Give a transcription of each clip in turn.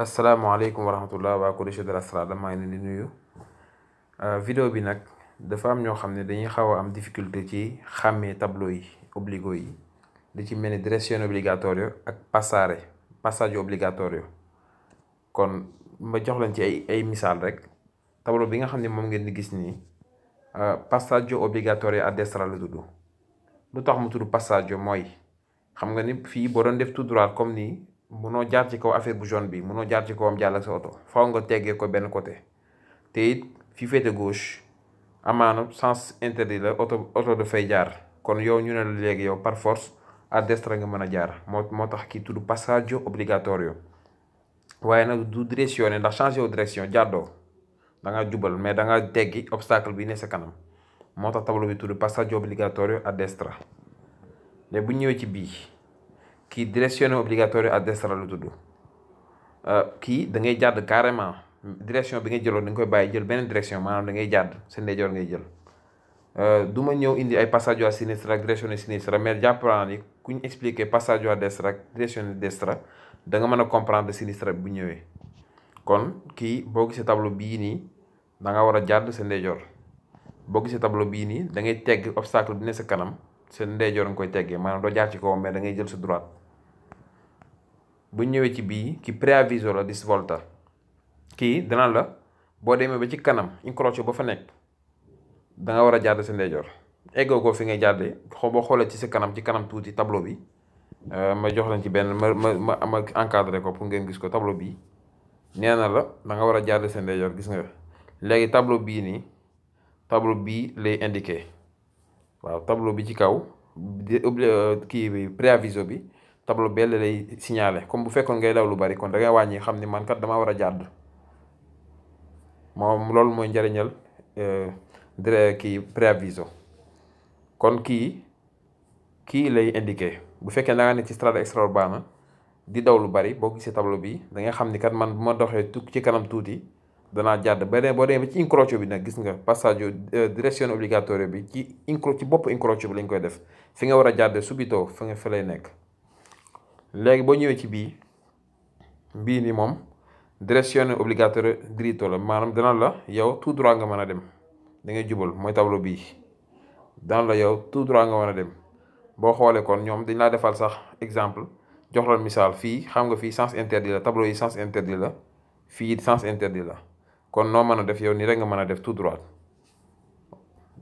asalaamaaleykum wa rahmatulah waa Correction de l'Astral maa ngi leen di nuyu euh, vidéo bi nag dafa am ñoo xam ne dañuy xaw a am difficulté ci xàmmee tableau yi obligo yi li ci mel ni direzione obbligatorio ak passare passaggio obbligatorio kon ma jox leen ci ay ay misaal rek tableau bi nga xam ne moom ngeen di gis nii euh, passaggio obbligatorio a destra la tudd lu tax mu tudd passaggio mooy xam nga ni fii boo doon def tout droit comme nii. munoo jaar ci kaw affaire bu jaune bi munoo jaar ci kawam jàll ak sa oto faw nga teggee ko benn côté te it fi féete gauche amaana sens interdit la oto oto dafay jaar kon yow ñu ne la léegi yow par force à destra nga mën a jaar moo moo tax kii tudd passage obligatorio waaye nag du directionné ndax changé wu direction jàddoo da nga jubal mais da nga teggi obstacle bi ne sa kanam moo tax tableau bi tudd passage obligatorio à destra bu ñëwee ci bii kii direction obligatoire adéstral lu tudd euh, kii da ngay jàdd carrément direction bi nga jëloon da koy bàyyi jël beneen direction maanaam da ngay jàdd sa ndeyjoor jël euh, du ma ñëw indi ay passage à sinistra ak direction sinistra mais jàpp naa ni ku ñu expliqué passage à destra ak direction da nga mën a comprendre sinistra bu ñëwee kon kii boo gisee tableau bii nii da nga war a jàdd sa ndeyjoor boo gisee tableau bii nii da ngay tegg obstacle bi ne sa kanam sa ndeyjoor nga koy teggee maanaam doo jaar ci kawam mais da ngay jël sa droite. bu ñëwee ci bii ki preaviso la dis kii dana la boo demee ba ci kanam incrocio ba fa nekk danga war a jàdd sa ndeyjoor eggoo ko fi ngay jàddee xoo boo xoolee ci sa kanam ci kanam tuuti tableau bi euh, ma jox leen ci benn ma ma ma ma encadré ko pour ngeen gis ko tableau bi nee na la danga war a jàdd sa ndeyjoor gis nga léegi tableau bii nii tableau bii lay indiqué waaw tableau bi ci kaw euh, kii bi préaviso bi tableau belle lay signalé comme bu fekkoon ngay daw lu bari kon da ngay wàññi xam ni man kat damaa war a jàdd moom loolu mooy njariñal euh, dire kii préaviso kon kii kii lay indiqué bu fekkee da ne ci strada extraurbana di daw lu bari boo gisee tableau bi da nga xam ni kat man bu ma doxee tu ci kanam tuuti danaa jàdd ba boo demee ba ci incrocio bi nag gis nga passage euh, direction obligatorio bi ci incro ci bopp incrocio bi lañ koy def fi nga war a jàdd subito fa nga fa lay nekk léegi boo ñëwee ci bii bii nii moom direction obligatoire diritto la maanaam dana la yow tout droit nga mën a dem da ngay jubal mooy tableau bii dana la yow tout droit nga mën a dem boo xoolee kon ñoom dañ laa defal sax exemple jox la misaal fii xam nga fii sens interdit la tableau yi sens interdit la fii sens interdit la kon noo mën a def yow nii rek nga mën a def tout droit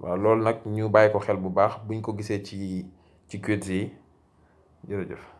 waaw loolu nag ñu bàyyi ko xel bu baax buñ ko gisee ci ci quiz yi jërëjëf.